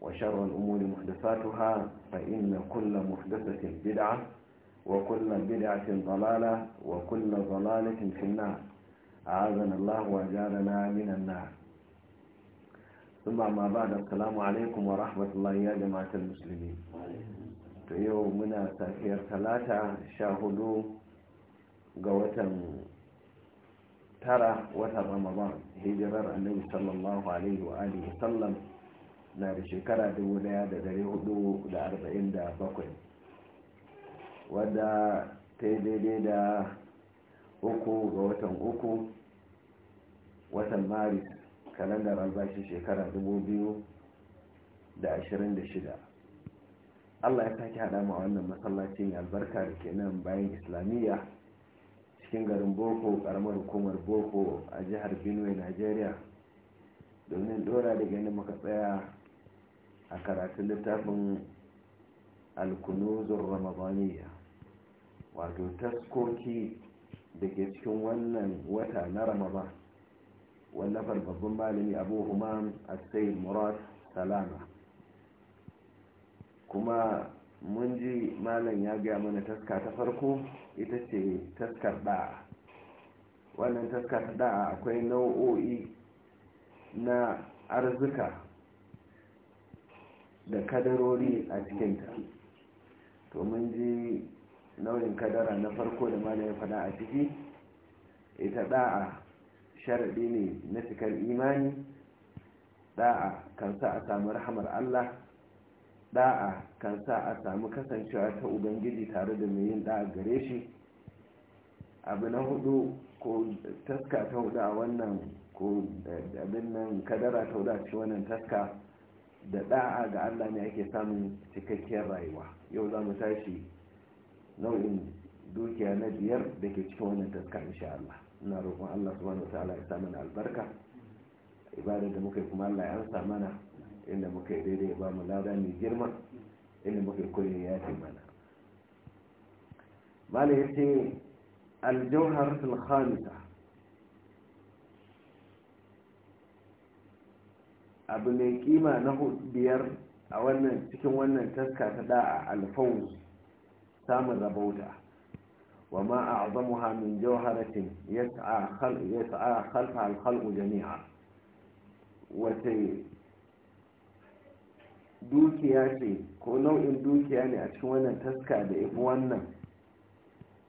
وشر الأمور محدثاتها فإن كل محدثة بدعة وكل بدعة ضلالة وكل ضلالة في النار أعاذنا الله وجعلنا من النار ثم ما بعد السلام عليكم ورحمة الله يا جماعة المسلمين يومنا سافير ثلاثة شاهدوا قوة ترى وتر رمضان هجرر النبي صلى الله عليه وآله وسلم na da shekara 1447 wadda ta yi daidai da uku ga watan uku watan maris kalandar albashi shekara shida. allah ya sake hada ma wannan masallacin albarka da ke nan bayan islamiyya cikin garin boko karamar hukumar boko a jihar benue nigeria domin dora daga yadda maka tsaya a karatun littafin alkunuzun ramadaniya wato taskoki da ke cikin wannan wata na ramadan wallafar babban malami abu a asayid murad salama kuma mun ji malam ya gaya mana taska ta farko ita ce taskar da'a wannan taskar da'a akwai nau'o'i na arzika. da kadarori a cikinta to mun ji nau'in kadara na farko da ma ya fada a ciki ita da'a sharaɗi ne na cikar imani da'a kan sa a samu rahamar allah da'a kan sa a samu kasancewa ta ubangiji tare da mai yin da'a gare shi abu na hudu ko taska ta hudu a wannan ko abin nan kadara ta hudu a cikin wannan taska da da'a ga Allah ne ake samun cikakkiyar rayuwa yau za mu tashi nau'in dukiya na biyar da ke cikin wannan taska insha Allah ina roƙon Allah subhanahu ta'ala ya samu albarka ibada da muka yi kuma Allah ya ansa mana inda muka yi daidai ya ba mu lada mai girma inda muka yi kullum ya fi mana mala ya ce aljauhar sulhamisa abu mai kima na biyar a wannan cikin wannan taska ta da'a alfawus samun rabauta wa ma a azamuha min jawharatin ya sa'a al-khalqu jami'a wace dukiya ce ko nau'in dukiya ne a cikin wannan taska da ifi wannan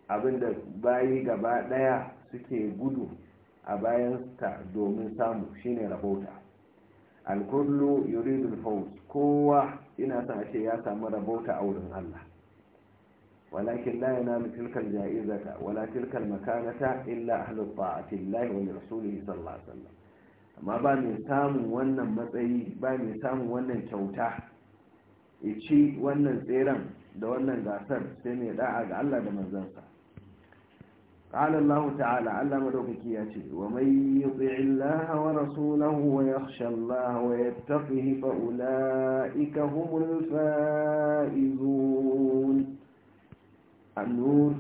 abinda bayi gaba daya suke gudu a bayan ta domin samu shine rabauta alkullu yuridul fawz kowa ina son a ce ya samu rabauta a wurin Allah walakin la yanalu tilkal ja'izata wala tilkal makanata illa ahlu ta'ati wa rasulihi sallallahu alaihi wasallam amma ba mai samun wannan matsayi ba mai samun wannan kyauta ici wannan tseren da wannan gasar sai mai da'a ga Allah da manzansa قال الله تعالى ألا ملوكك ياتي ومن يطع الله ورسوله ويخشى الله ويتقه فأولئك هم الفائزون النور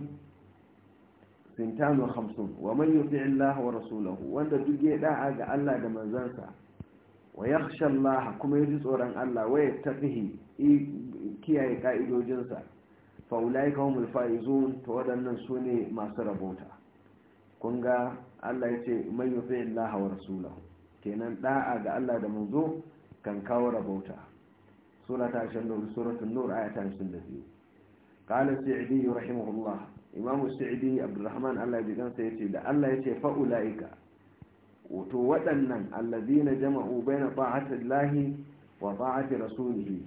سنتان وخمسون ومن يطع الله ورسوله وانت تجي دعا جعل الله من زنسى ويخشى الله كما يجي صورا الله ويتقه كي يقائد جنسى faulai kawo mulfa'izun ta waɗannan su ne masu rabota kun ga allah ya ce mai yufe illaha wa rasulahu kenan da'a ga allah da manzo kan kawo rabota sura ta shan da hudu suratun nur aya ta da biyu kala sa'idi rahimahullah imamu sa'idi abdurrahman allah bi gansa ya ce da allah ya ce fa'ula'ika wato waɗannan na jama'u bayna ta'atillahi wa ta'ati rasulihi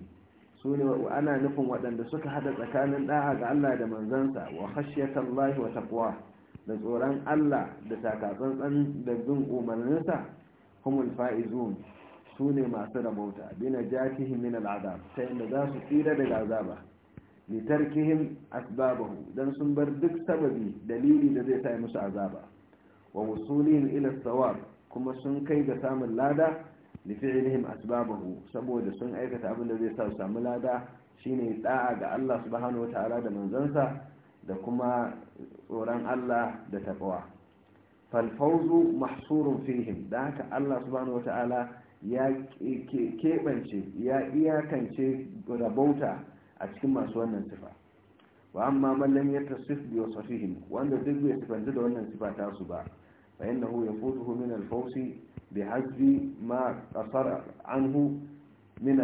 su ne ana nufin waɗanda suka haɗa tsakanin ɗa'a ga Allah da manzansa wa khashyatan Allah wa taqwa da tsoron Allah da takatsantsan da bin umarninsa humul faizun su ne masu rabauta bina jatihim min al'azab ta yadda za su tsira daga azaba li tarkihim asbabahu dan sun bar duk sababi dalili da zai sa musu azaba wa wusulin ila sawab kuma sun kai ga samun lada lifi'ilihim asbabahu saboda sun aikata abin da zai sa su samu lada shine da'a ga Allah subhanahu wataala da manzansa da kuma tsoron Allah da taqwa fal fawzu mahsurun fihim da haka Allah subhanahu wataala ya kebance ya iyakance rabauta a cikin masu wannan sifa wa amma man lam yatasif bi wasfihim wanda duk bai sifanta da wannan sifa ta su ba fa innahu yafutuhu min al-fawzi بحجب ما قصر anhu من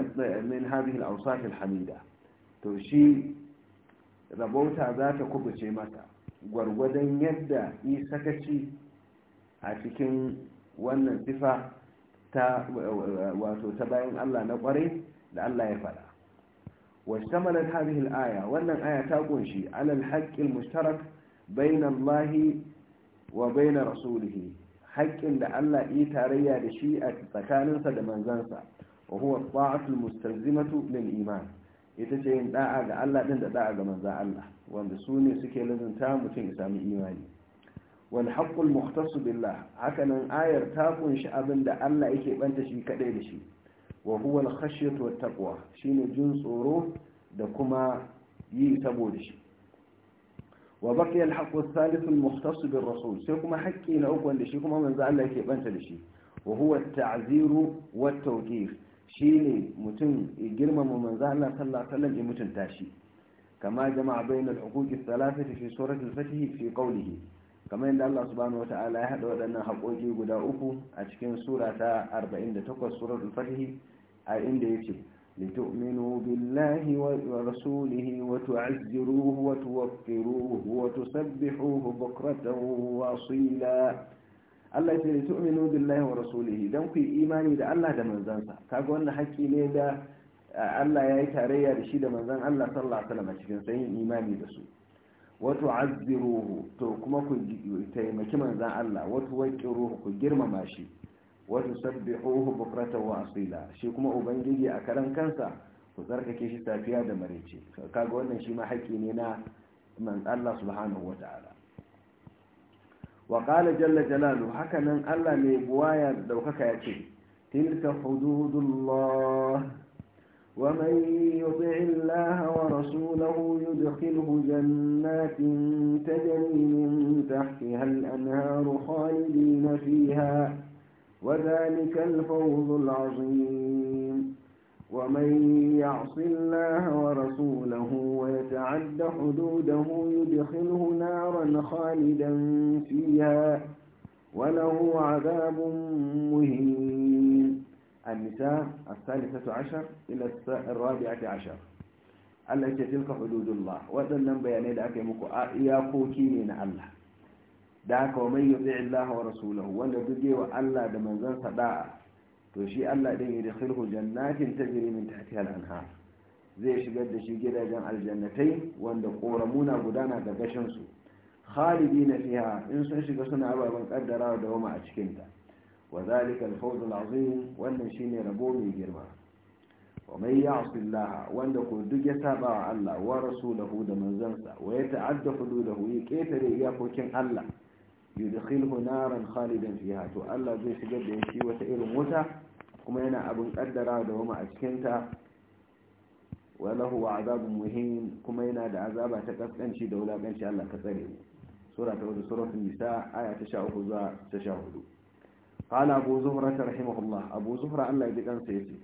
من هذه الاوصاف الحميده to shi rabauta zata ta kubuce mata gwargwadon yadda yi sakaci a cikin wannan sifa ta wato ta bayan Allah na kwarai da Allah ya faɗa washtamalat hadhihi al-aya wannan aya ta kunshi alal haqqil mushtarak bainallahi wa bayna rasulihi haƙƙin da Allah yi tarayya da shi a tsakaninsa da manzansa wa huwa ta'atul mustalzimatu lil iman ita ce yin da'a ga Allah din da da'a ga manzan Allah wanda su ne suke lazunta mutum ya sami imani wal haqqul mukhtas billah hakanan ayar ta kunshi abin da Allah yake banta shi kadai da shi wa huwa al khashyatu wat taqwa shine jin tsoro da kuma yi saboda shi wa baqiya al-haqqu ath-thalith bir-rasul sai kuma haƙƙi na uku wanda shi kuma manzo Allah yake banta da shi wa huwa at-ta'ziru wa at-tawqif shine mutum ya girmama manza Allah sallallahu alaihi wasallam ya mutunta shi kama jama'a bayna al-huquq ath-thalathati fi surati al-fatih fi qawlihi kama yadda Allah subhanahu wata'ala ya haɗa waɗannan haƙoƙi guda uku a cikin sura ta 48 suratul fatih a inda yake لتؤمنوا بالله ورسوله وتعزروه وتوقروه وتسبحوه بكرة وأصيلا Allah ya ce da tu'minu billahi wa rasulihi dan ku imani da Allah da manzansa kaga wannan haƙƙi ne da Allah ya yi tarayya da shi da manzan Allah sallallahu cikin sayin imani da su wa to kuma ku taimaki manzan Allah wa tuwaqqiruhu ku girmama shi وتسبحوه بكرة وأصيلا شي كما أبنجي أكرم كنسا وزركك شي سافيا دمريتي كاقولنا شي ما حكينا من الله سبحانه وتعالى وقال جل جلاله هكذا الله لبوايا دوكك يتي تلك حدود الله ومن يطع الله ورسوله يدخله جنات تجري من تحتها الأنهار خالدين فيها وذلك الفوز العظيم ومن يعص الله ورسوله ويتعد حدوده يدخله نارا خالدا فيها وله عذاب مهين النساء الثالثة عشر إلى الرابعة عشر التي تلك حدود الله وذلك بياني لك آه، يا كوكي من الله da haka wa man yuti Allah wa rasulahu wanda duke wa Allah da manzon da'a to shi Allah din ya dakhilhu jannatin tajri min tahtiha al-anhar zai shigar da shi gidajen aljannatai wanda koramuna gudana da gashin su khalidina fiha in sun shiga suna ababen kaddarawa da wama a cikinta, ta wa zalika al-fawz wannan shine rabo mai girma wa man ya'si Allah wanda ko duk ya saba wa Allah wa rasulahu da manzon wa ya ta'adda hududahu ya ketare iyakokin Allah yudkhilhu naran khalidan fiha to Allah zai shigar da shi wata irin wuta kuma yana abin kaddara da wama a cikin ta wa lahu azabun muhin kuma yana da azaba ta kaskanci da wulakanci Allah ka tsare mu sura ta wadda suratul nisa aya ta 13 zuwa ta sha hudu qala abu zuhra rahimahullah abu zuhra Allah ya ji kansa yace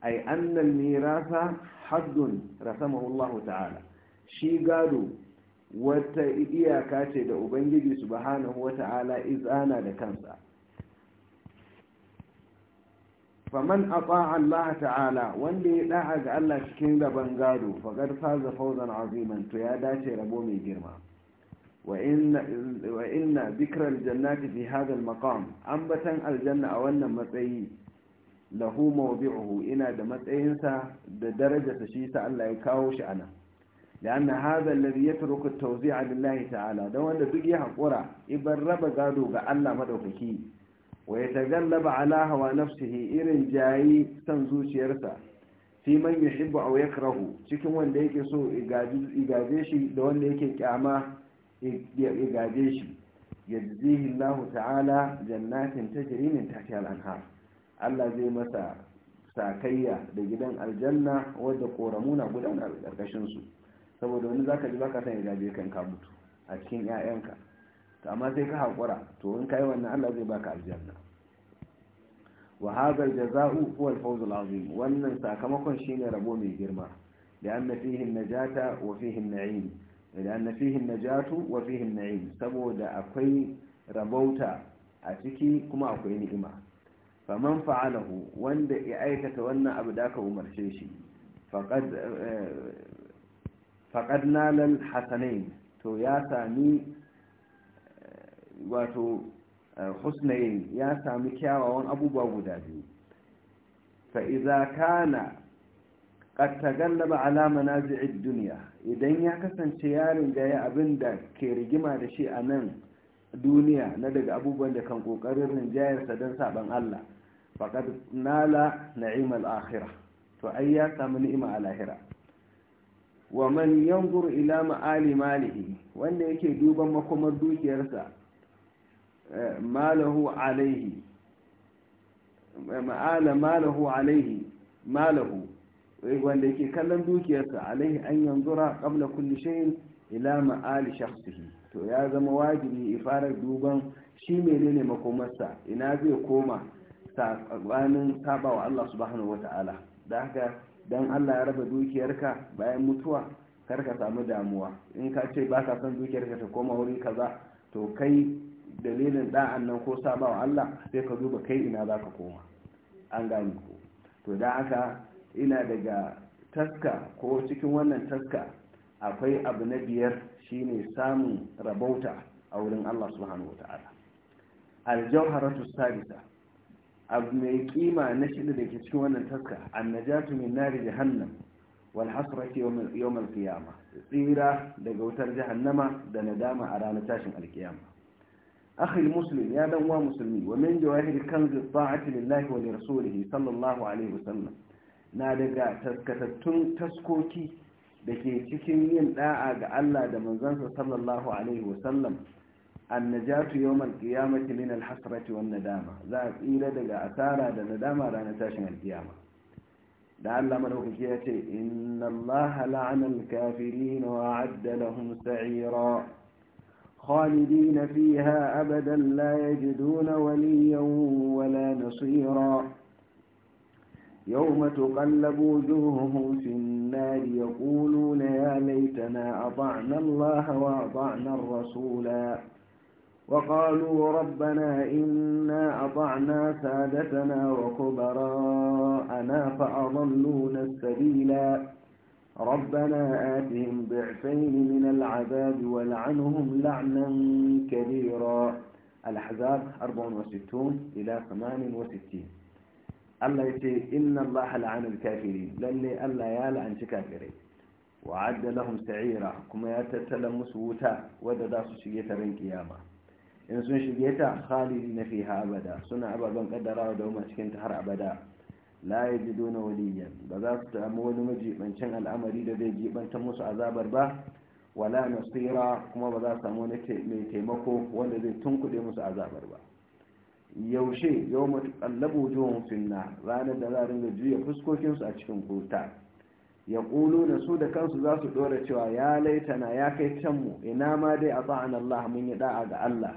ai annal mirasa haddun rasamahu Allah ta'ala shi gado wata iyaka ce da ubangiji subhanahu wata'ala izana da kansa faman ata'a Allah ta'ala wanda ya da'a ga Allah cikin gaban gado faqad faza fawzan aziman to ya dace rabo mai girma wa inna bikral jannati fi hadha al-maqam ambatan aljanna a wannan matsayi lahu mawdi'uhu ina da matsayinsa da darajarsa shi sa Allah ya kawo shi anan yana hada labiyar ta roka tausi ya allah ta'ala don wanda duk ya hakura iban raba gado ga allah madaukaki wai ya tagar laba allah wa na fisi irin jayi son zuciyarta sai manya shi cikin wanda yake ke so igaje shi da wanda yake kyama igaje shi ya jihilahu ta'ala jannatin ta jirenen tafiyar alhar allah zai masa sakayya da gidan aljanna wadda koramuna gudan da abin kashinsu. saboda wani zaka ji baka san ya gaje kan mutu a cikin 'ya'yanka to amma sai ka haƙura to in kai wannan Allah zai baka aljanna wa hadha aljaza'u huwa alfawz alazim wannan sakamakon shine rabo mai girma da anna fihi najata wa fihi na'im da anna fihi najatu wa fihi na'im saboda akwai rabauta a ciki kuma akwai ni'ima faman fa'alahu wanda ya aikata wannan abu da aka umarce shi faqad eh, faƙad nalal hasanain to ya sami wato husnayin ya sami kyawawan abubuwa guda biyu fa'izakana kana ƙattagallaba alama na zi'id duniya idan ya kasance yarin ya abin da ke rigima da shi a nan duniya na daga abubuwan da kan ƙoƙarin rinjayarsa don saɓan Allah faƙad nala na'im al'akhira to ai ya samu ni'ima a lahira. wa man yanzur ila ma'ali malihi wanda yake duban makomar dukiyarsa eh, malahu alaihi eh, ma'ala malahu alaihi malahu eh, wanda yake kallon dukiyarsa alaihi an yanzura qabla kulli shay'in ila ma'ali shakhsihi to ya zama wajibi ifarar duban shi menene makomarsa ina zai koma tsakanin saba wa Allah subhanahu wata'ala da haka don allah ya raba dukiyarka bayan mutuwa kar ka samu damuwa in ka ce ba ka son dukiyarka ta koma wuri kaza to kai dalilin da'an nan ko saba wa allah sai ka duba kai ina za ka koma an gane ku to da haka ina daga taska ko cikin wannan taska akwai abu na biyar shine samun rabauta a wurin allah subhanahu wa ta'ala aljauharatu sadisa abu mai kima na shida da ke cikin wannan taska annajatu min nari jahannam wal hasrati yawm al qiyama tsira daga wutar jahannama da nadama a ranar tashin alkiyama akhi muslim ya dan wa musulmi wa min jawahir kanz ta'ati lillahi wa li rasulihi sallallahu alaihi wasallam na daga taskatattun taskoki da ke cikin yin da'a ga Allah da manzansa sallallahu alaihi wasallam النجاة يوم القيامة من الحسرة والندامة ذات إلى دقاء أثارة الندامة لا من القيامة لعل ملوك يأتي إن الله لعن الكافرين وأعد لهم سعيرا خالدين فيها أبدا لا يجدون وليا ولا نصيرا يوم تقلب وجوههم في النار يقولون يا ليتنا أطعنا الله وأطعنا الرسولا وقالوا ربنا إنا أطعنا سادتنا وكبراءنا فأضلونا السبيلا ربنا آتهم ضعفين من العذاب والعنهم لعنا كبيرا الأحزاب 64 إلى 68 الله يتي إن الله لعن الكافرين للي الله عن كافرين وعد لهم سعيرا كما يتسلم وتا ودا داسو شيئة رين قيامه in sun shige ta khalidi na fiha abada suna ababen ƙaddarawa da umar cikin ta har abada la yajiduna waliyan ba za su samu wani majibancin al'amari da zai jibanta musu azabar ba wala nasira kuma ba za su samu wani mai taimako wanda zai tunkuɗe musu azabar ba yaushe yau matuƙallabu juwan finna ranar da za ringa juya fuskokinsu a cikin kuta ya ƙulu na su da kansu za su ɗora cewa ya laitana ya kai canmu ina ma dai a ba'an Allah mun yi da'a ga Allah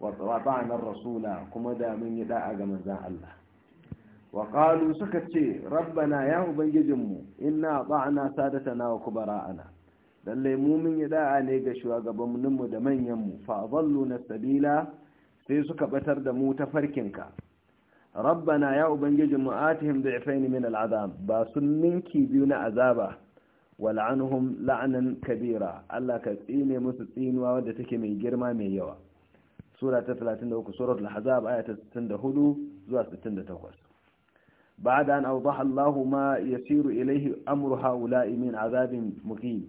watsawatanar rasula kuma damin yi da'a ga manzan Allah. Wakalu suka ce rabbana ya ubangijinmu ina ba'ana sadatana wa kubara ana don laimumin yi da'a ne ga shugabanninmu da manyanmu fa'azallu na sabila sai suka batar da mu ta farkinka rabbana ya ubangijinmu a tihim da ifaini min al'adam ba sun ninki biyu na azaba wal'anuhum la'anan kabira allah ka tsine musu tsinuwa wadda take mai girma mai yawa sura ta 33 suratul ahzab aya 64 zuwa 68 ba'da an awdaha Allah ma yasiru ilayhi amru haula'i min azabin muqim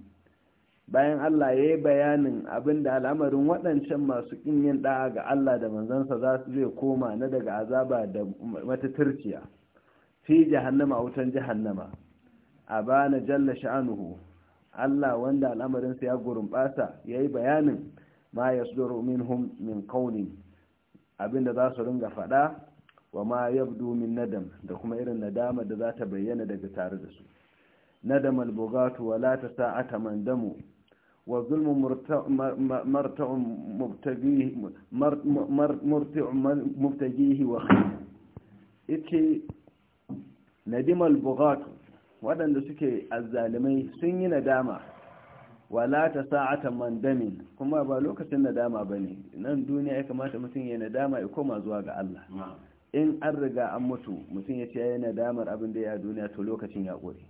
bayan Allah ya yi bayanin abinda al'amarin waɗancan masu ƙin yin ga Allah da manzansa za su zai koma na daga azaba da matatarciya fi jahannama a wutan jahannama a bana jalla sha'anuhu Allah wanda al'amarin al'amarinsa ya gurumbasa ya yi bayanin ma yasduru minhum min qawlin abinda za su ringa faɗa wa ma yabdu min nadam da kuma irin nadama da za ta bayyana daga tare da su nadam albugatu wa la sa'ata man damu wa zulmu marta'un mubtagihi wa nadimal waɗanda suke azzalimai sun yi nadama wala ta sa'ata mandamin kuma ba lokacin nadama ba ne, nan duniya ya kamata mutum ya nadama ya koma zuwa ga Allah in an riga an mutu mutum ya ce ya nadamar abin da ya duniya to lokacin ya kore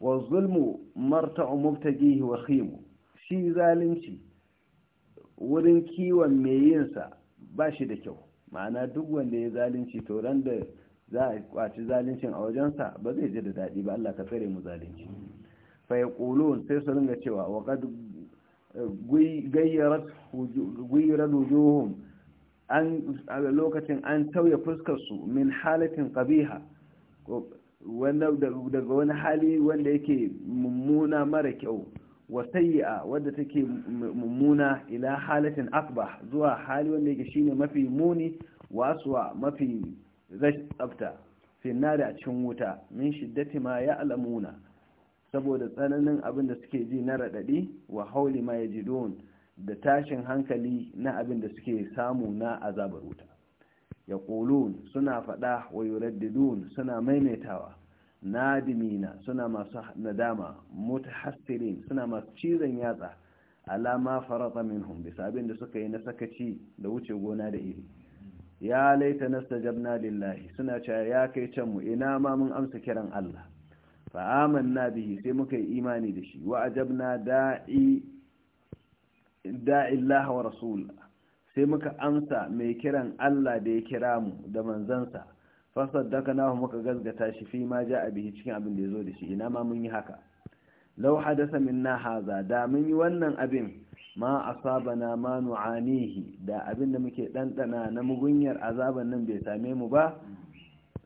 wa zulmu marta'u mubtagihi wa khimu shi zalunci wurin kiwon mai yinsa ba shi da kyau ma'ana duk wanda ya zalunci to ran da za a kwaci zaluncin a wajensa ba zai ji da daɗi ba Allah ka tsare mu zalunci fayaqulun sai su ringa cewa wa qad gayyarat gayyarat a lokacin an tauye fuskar su min halatin qabiha daga wani hali wanda yake mummuna mara kyau wa a wadda take mummuna ila halatin akbah zuwa hali wanda yake shine mafi muni wasuwa mafi zai tsafta finna da a cikin wuta min shiddati ma ya alamuna saboda tsananin abin da suke ji na raɗaɗi wa hauli ma yajidun da tashin hankali na abin da suke samu na azabar wuta yaqulun suna faɗa wa yuraddidun suna maimaitawa nadimina suna masu nadama mutahassirin suna masu cizon yatsa alama farata minhum bisa abin da suka yi na sakaci da wuce gona da iri ya laita jabna lillahi suna cewa ya kai can mu ina ma mun amsa kiran Allah na bihi sai muka yi imani da shi wa na da'i wa rasul sai muka amsa mai kiran Allah da ya kira mu da manzansa fasaddaqnahu muka gazgata shi fi ma a bihi cikin abin da yazo da shi ina ma mun yi haka law hadasa minna haza da mun yi wannan abin ma asabana ma nu'anihi da abin da muke dandana na mugunyar azaban nan bai same mu ba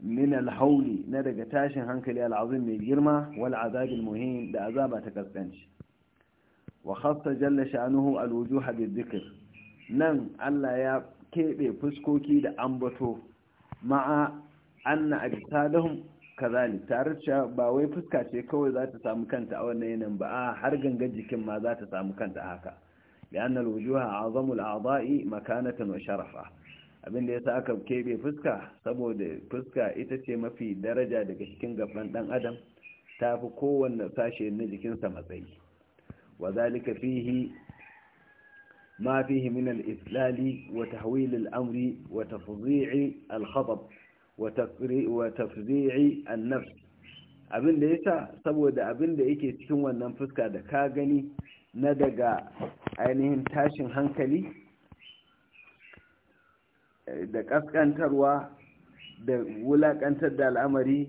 min alhauli na daga tashin hankali al'azim mai girma wal azabil muhim da azaba ta kaskanci wa khassa jalla sha'nuhu alwujuha bizikr nan Allah ya keɓe fuskoki da ambato ma'a anna ajsadahum kazali tare ba wai fuska ce kawai za ta samu kanta a wannan yanayin ba a har gangan jikin ma za ta samu kanta haka li'anna alwujuha a'zamul a'dha'i makanatan wa sharafa abin da ya sa aka kebe fuska saboda fuska ita ce mafi daraja daga cikin gaban dan adam ta fi kowanne sashe na jikinsa matsayi wa zalika fihi wa tafzi'i al-khatab wa tafri' wa tafzi'i وتفضيع nafs abin da yasa saboda abin da yake cikin wannan fuska da ka gani na daga ainihin tashin hankali Eh, da ƙasƙantarwa da wulaƙantar da al'amari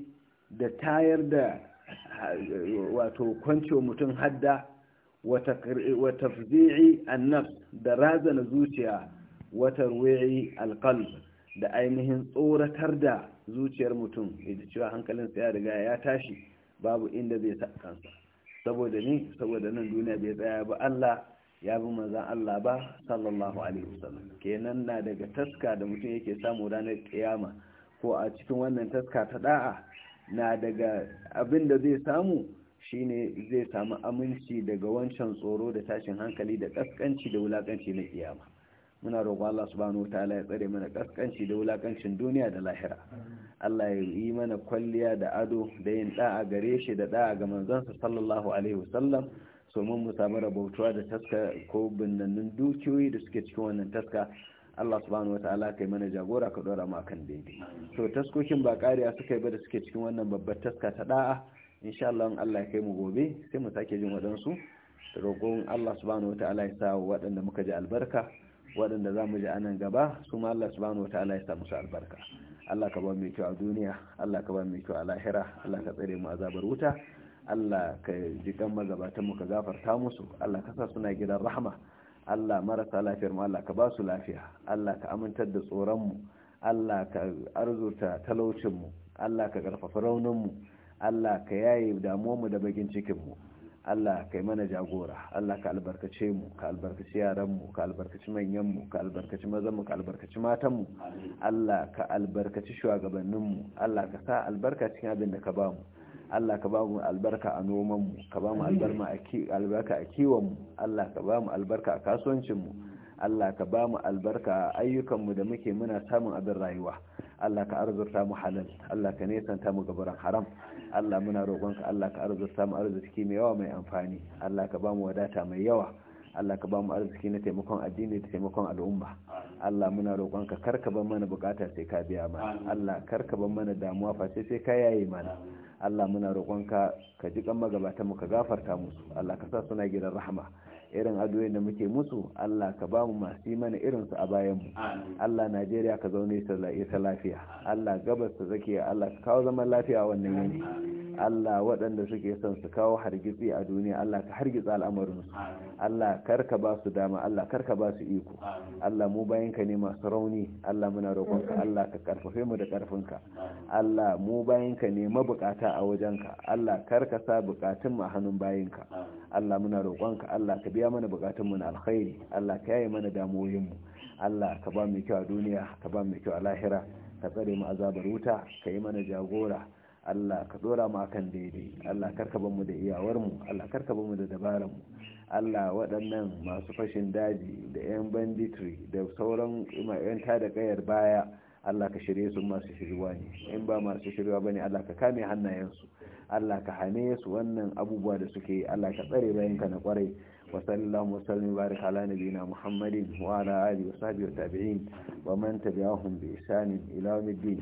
da tayar da eh, wato kwancewa mutum hadda wa tafzi'i annaf da razana zuciya wa tarwi'i alqalb da ainihin tsoratar da zuciyar mutum idan cewa hankalinsa ya riga ya tashi babu inda zai sa kansa saboda ni saboda nan duniya bai tsaya ba Allah ya bi manzan Allah ba sallallahu alaihi wasallam kenan na daga taska da mutum yake samu ranar kiyama ko a cikin wannan taska ta da'a na daga abin da zai samu shine zai samu aminci daga wancan tsoro da tashin hankali da kaskanci da wulakanci na kiyama muna roƙon Allah subhanahu wataala ya tsare mana kaskanci da wulakancin duniya da lahira Allah ya yi mana kwalliya da ado da yin da'a gare shi da da'a ga manzansa sallallahu alaihi wasallam somin mu samu rabautuwa da taska ko binnannun dukiyoyi da suke cikin wannan taska Allah subhanahu ta'ala kai mana jagora ka dora mu akan daidai to taskokin ba kariya suka yi ba da suke cikin wannan babbar taska ta da'a insha Allah in Allah ya kai mu gobe sai mu sake jin wadansu roƙon Allah subhanahu ta'ala ya sa waɗanda muka ji albarka waɗanda za mu ji a nan gaba su ma Allah subhanahu ta'ala ya sa musu albarka Allah ka ba mu kyau a duniya Allah ka ba mu kyau a lahira Allah ka tsare mu azabar wuta Allah ka ji kan magabatan mu ka gafarta musu Allah ka sa suna gidan rahama. Allah marasa lafiyar mu Allah ka ba su lafiya Allah ka amintar da tsoron mu Allah ka arzuta talaucin mu Allah ka karfafa raunin mu Allah ka yaye damuwar mu da bakin cikin mu Allah ka yi mana jagora Allah ka albarkace mu ka albarkaci mu ka albarkaci manyanmu ka albarkaci mu ka albarkaci matanmu Allah ka albarkaci shugabanninmu Allah ka sa albarka cikin abin da ka bamu Allah ka ba mu albarka a nomanmu ka ba mu albarka a kiwonmu Allah ka ba mu albarka a kasuwancinmu Allah ka ba mu albarka a ayyukanmu da muke muna samun abin rayuwa Allah ka arzurta mu halal Allah ka nesanta mu gabaran haram Allah muna roƙonka Allah ka arzurta mu arziki mai yawa mai amfani Allah ka ba mu wadata mai yawa Allah ka ba mu arziki na taimakon addini da taimakon al'umma Allah muna roƙonka karka ban mana bukata sai ka biya mana Allah karka ban mana damuwa face sai ka yaye mana Allah muna roƙonka ka ji kan magabatan mu ka gafarta musu Allah ka sa suna gidan rahama irin adoyin da muke musu Allah ka ba mu masu mana mana irinsu a mu Allah Najeriya ka zaune ta lafiya Allah gabas ta zakiya Allah ka kawo zaman lafiya wannan yanki Allah waɗanda suke son su kawo hargitsi a duniya Allah ka hargitsa su Allah karka ba su dama Allah karka ba su iko Allah mu bayan ka ne masu rauni Allah muna roƙonka Allah ka karfafe mu da karfinka Allah mu bayan ka ne mabukata a wajenka Allah karka sa bukatun mu a hannun bayinka Allah muna roƙonka Allah ka biya mana bukatun mu na alkhairi Allah ka yaye mana damuwoyin mu Allah ka ba mu kyau a duniya ka ba mu kyau a lahira ka tsare mu azabar wuta ka yi mana jagora Allah ka dora mu akan daidai Allah karka ban mu da iyawar mu Allah karka ban mu da dabarar mu Allah waɗannan masu fashin daji da yan banditry da sauran yan da kayar baya Allah ka shirye su masu shirwa ne in ba masu shirwa bane Allah ka kame hannayensu Allah ka hane su wannan abubuwa da suke Allah ka tsare bayan ka na kwarai wa sallallahu wasallam barik ala nabiyina Muhammadin wa ala alihi wa sahbihi wa tabi'in wa man tabi'ahum bi ihsan ila yawmiddin